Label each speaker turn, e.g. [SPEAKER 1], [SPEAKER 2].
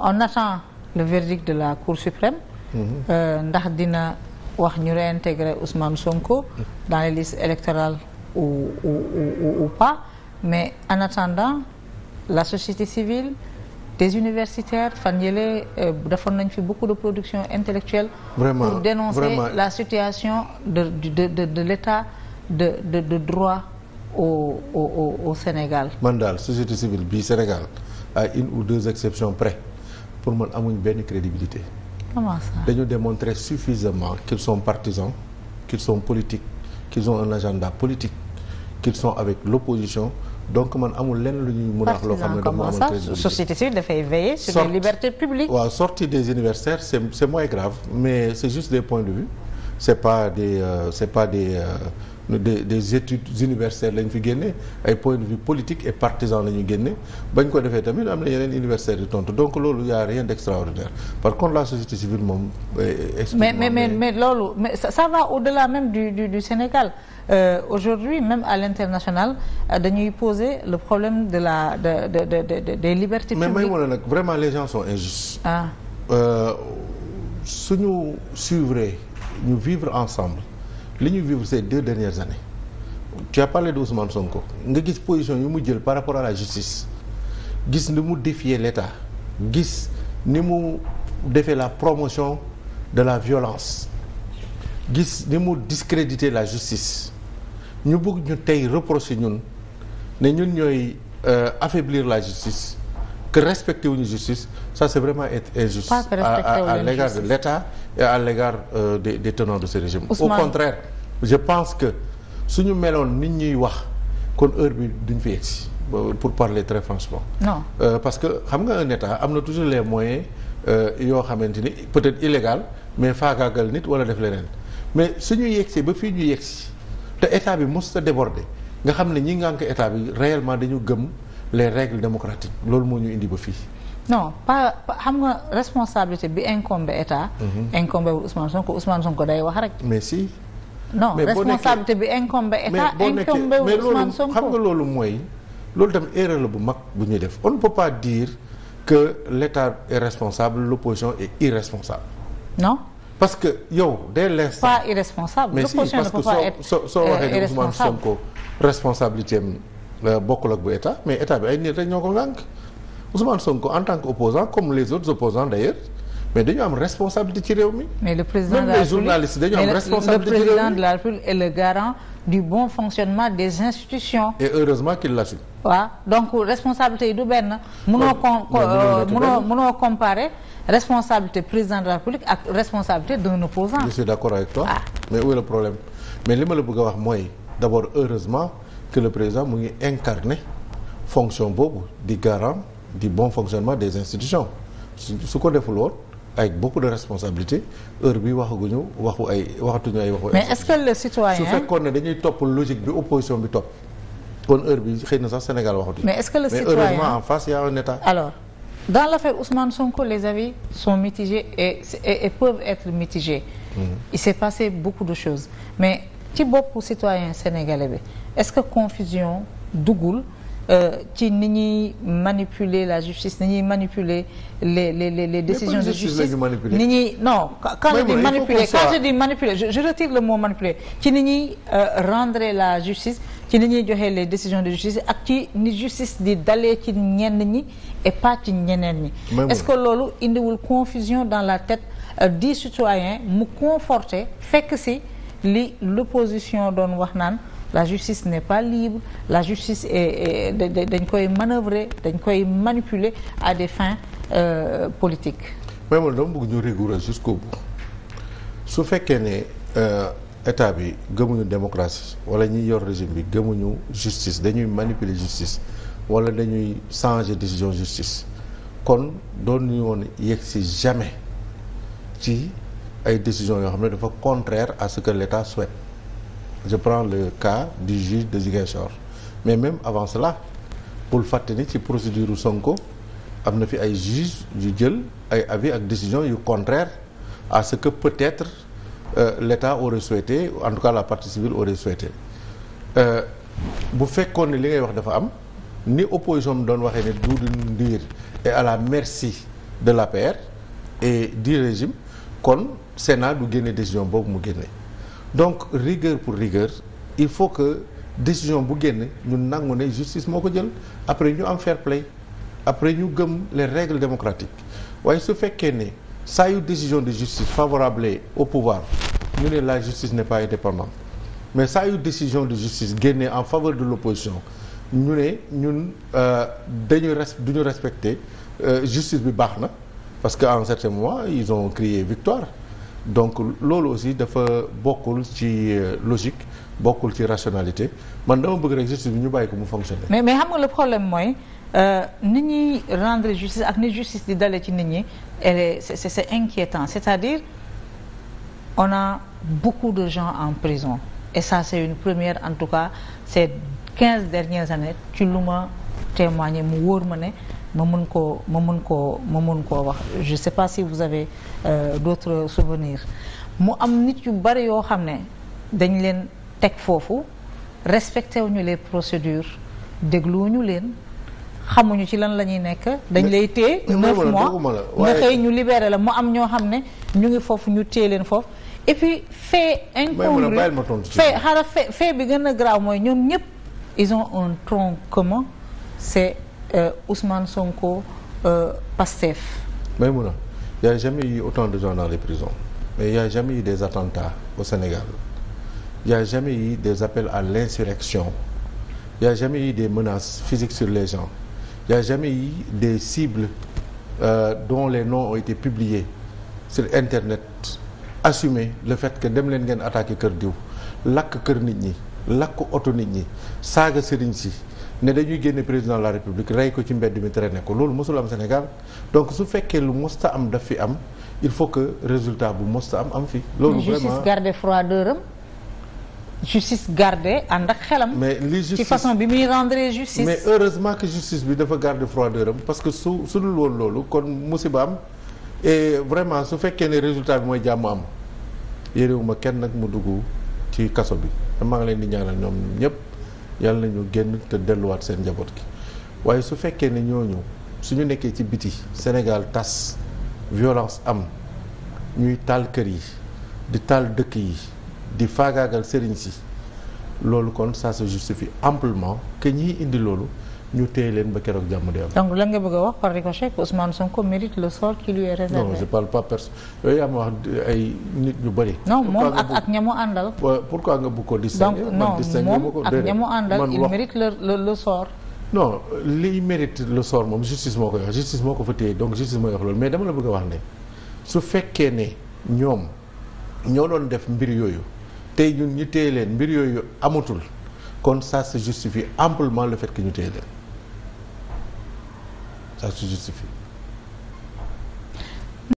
[SPEAKER 1] on attend le verdict de la Cour suprême mhm. euh, ndax dina wax ñu réintégrer Ousmane Sonko dans les listes électorales ou pas mais en attendant la société civile des universitaires fan yële euh, defoon nañ fi beaucoup de production intellectuelle vraiment pour dénoncer vraiment. la situation de de de de l'état de de de droit au au Sénégal.
[SPEAKER 2] man daal société civile bii Sénégal à une ou deux exceptions près. pour man amuñ benn crédibilité. comment ça dañu démontrer suffisamment qu'ils sont partisans qu'ils sont politiques qu'ils ont un agenda politique qu'ils sont avec l'opposition donc man amul lenn lu ñuy mën a wax loo xam ne dama amal crédibilité
[SPEAKER 1] société civile dafay veiller sur les libertés publiques.
[SPEAKER 2] waaw des universitaires c'est c'est grave mais c'est juste des points de vue. c'est pas des euh, c'est pas des euh, des des études universitaires lañ fi génnee ay point de vue politique et partisan la ñu génne bañ ko defee tamit am na yeneen universitaires yu tontu donc loolu y a rien d'extraordinaire par contre la société civile moom. mais mais mais
[SPEAKER 1] mais loolu mais ça, ça va au-delà même du du du Sénégal. Euh, aujourd'hui même à l'international euh, dañuy poser le problème de la de de de, de, de des libertés mais publiques mais may
[SPEAKER 2] nag vraiment les gens sont injustes. ah. Euh, ñu vivre ensemble li ñu vivre ces deux dernières années tu as parlé de Ousmane Sonko nga gis position yu mu jël par rapport à la justice gis ni mu défier l'État gis ni mu defee la promotion de la violence gis ni mu discréditer la justice ñu bugg ñu tey reprocher ñun ne ñun ñooy euh, affaiblir la justice que respecté wuñu justice ça c'est vraiment et injuste à, à, à l'égard de l'État et à l'égard euh, des, des tenants de ce régime au contraire je pense que suñu meloon nit ñuy wax kon heure bi duñ fi egsi euh, pour parler très franchement non euh, parce que xam nga un État am na toujours les moyens euh, yoo xamante ni peut-être illégal mais faagaagal nit wala def leneen mais suñu yegsee ba fii ñu yegsi te état bi mos a déborder nga xam ne ñi ngànk état bi réellement dañu gëm les règles démocratiques loolu moo ñu indi ba fii.
[SPEAKER 1] non pas xam nga responsabilité bi incombe état. Mhm. incombe wul Ousmane Sonko Ousmane Sonko day wax rek. mais si. non mais responsabilité Sonko mais xam
[SPEAKER 2] nga loolu mooy. loolu tamit bu mag bu ñuy def on ne peut pas dire que l'opposition est irresponsable. non. parce que yow de l'instant.
[SPEAKER 1] pas irresponsable. mais si parce que soo soo soo euh, waxee ne Ousmane Sonko
[SPEAKER 2] responsabilité bokkul ak bu état mais état bi ay nit rek ñoo ko lànk Ousmane Sonko en tant que opposant les autres opposants d'ailleurs mais dañu am responsabilité responsabilité ci réew
[SPEAKER 1] mi le président de la République est le garant du bon fonctionnement des institutions.
[SPEAKER 2] et heureusement qu'il l'assume.
[SPEAKER 1] waaw donc responsabilité yi du benn. mënoo oh, con euh, responsabilité président de la République ak responsabilité d'un opposant. je suis
[SPEAKER 2] d'accord avec toi. Ah. mais où est problème mais li ma la bëgg que le président mu ngi incarner fonction boobu di garant du bon fonctionnement des institutions su ko deful woon avec beaucoup de responsabilité heure bi waxaguñu waxu ay waxatuñu ay waxu. mais
[SPEAKER 1] est-ce que le citoyen su fekkoon
[SPEAKER 2] ne dañuy topp logique bi opposition bi topp kon heure bi xëy na sax Sénégal waxatuñu. mais est-ce que le heureusement en face y a un état.
[SPEAKER 1] alors dans l'affaire Ousmane Sonko les avis sont mitigés et peuvent être mitigés. Mmh. il s'est passé beaucoup de choses ci boppu citoyen sénégalais bi est-ce que confusion duggul euh, ci ni ñuy manipuler la justice ni ñuy manipuler les les les, les décisions de justice ni ñuy non quand je dis manipule quand je dis manipuler je retire le mot manipuler ci ni ñuy euh, rendre la justice ci ni ñuy joxe les décision de justice ak ci ni justice di dalee ci ñenn ñi et pas ci ñeneen ñi est-ce que loolu indiwul confusion dans la tête euh, des citoyens mu conforter fekk si li l'opposition doon wax naan la justice n'est pas libre la justice est dañ koy manœuvrer dañ koy manipuler à des fins euh, politiques
[SPEAKER 2] mais man dama bëgg ñu rigoureux jusqu'au bout su fekkee ne euh, état bi gëmuñu démocratie wala ñi yor régime bi gëmuñu justice dañuy manipuler justice wala dañuy changer décision justice kon doon ñu woon yegg si jamais ci ay décisions yoo xam ne dafa contraire à ce que l'État souhaite je prends le cas du juge de Ziguinchor mais même avant cela bul fàtte ni ci procédure Sonko am na fi ay juge yu jël ay avis ak décision yu contraire à ce que peut-être euh, l'État aurait souhaité en tout cas la partie civile aurait souhaité euh, bu fekkoon ne li ngay wax dafa am ni opposition bi doon waxee ne Doudou Ndir est à la merci de l'APR et du régime kon Sénat du génne décision boobu mu génne donc rigueur pour rigueur il faut que décision bu génn ñun nangu ne justice moo ko jël après ñu am fair play après ñu gëm les règles démocratiques waaye su fekkee ne saa yu décision de justice favorable au pouvoir ñu ne la justice n'est pas indépendante mais saa yu décision de justice génnee en faveur de l'opposition ñu ne ñun euh, dañuy res du ñu respecter euh, justice bi baax na parce que à un certain moment ils ont crié victoire donc loolu aussi dafa bokkul ci euh, logique bokkul ci rationalité man dama bëgg rek justice ñu bàyyi ko mu
[SPEAKER 1] fonctionner. mais mais xam nga le problème mooy euh, ni ñi rendre justice ak ni justice di dale ci nit ñi c'est c'est inquiétant c'est-à-dire on a beaucoup de gens en prison et ça c'est une première en tout cas ces quinze dernières années ci lu ma. témoigner mu wóor ma ne ma mën koo ma mën koo ma mën koo wax je sais pas si vous avez euh, d'autres mu am nit yu bari yoo xam ne dañ leen teg foofu respecté wuñu les procédures dégluwuñu leen xamuñu ci lan la ñuy nekk dañ lay téye neuf mois nga xëy ñu libéré la mu am ñoo xam ne ñu ngi foofu ñu téye leen foofu et puis fait incongru fait xaaral fait bi gën a grave mooy ñoom ñëpp ils ont un tronc commun c'est euh, Ousmane Sonko euh, Pastef.
[SPEAKER 2] Maïmouna, il n'y a jamais eu autant de gens dans les prisons. Mais il jamais eu des attentats au Sénégal. Il n'y a jamais eu des appels à l'insurrection. Il n'y a jamais eu des menaces physiques sur les gens. Il n'y a jamais eu des cibles euh, dont les noms ont été publiés sur Internet. Assumer le fait que dem leen ngeen attaque kër diw lakk kër nit ñi lakk auto nit ñi saaga sëriñ si ne dañuy génne président la république rey ko ci mbedd mi traîné ko loolu mosul am Sénégal donc su fekkee lu mosta am daf fi am il faut que résultat bu mosta am am fi. loolu vraiment justice
[SPEAKER 1] garde froideur justice gardée ànd ak xelam. mais li justice façon bi muy rendre justice. mais
[SPEAKER 2] heureusement que justice bi dafa garde froideur am parce que su su dul woon loolu kon musiba am et vraiment su fekkee ne résultat bi mooy jàmm am yérewuma kenn nag mu dugg ci kaso bi maa ngi leen di ñaanal ñoom ñëpp. yàlla ñu génn te delluwaat seen njaboot gi waaye su fekkee ne su ñu nekkee ci biti Sénégal tas violence am ñuy taal kër yi di taal dëkk yi di faagaagal sëriñ si loolu kon ça se justifie amplement que ñiy indi loolu ñu téye leen ba keroog jàmm
[SPEAKER 1] lan nga bëgg wax par ricochet Ousmane Sonko nit ñu bëri. non moom ak nga
[SPEAKER 2] bëgg ko distinguer. donc non moom ak ña mu àndal il
[SPEAKER 1] mérite le le sort.
[SPEAKER 2] non liy mérite le sort moom justice moo koy wax justice moo ko fa téye donc justice mooy wax loolu mais dama la bëgg a wax ne su fekkee ne ñoom ñoo doon def mbir yooyu tey ñun ñu téye leen mbir yooyu amatul kon ça se justifie amplement le fait
[SPEAKER 1] que ñu téye leen. à se justifier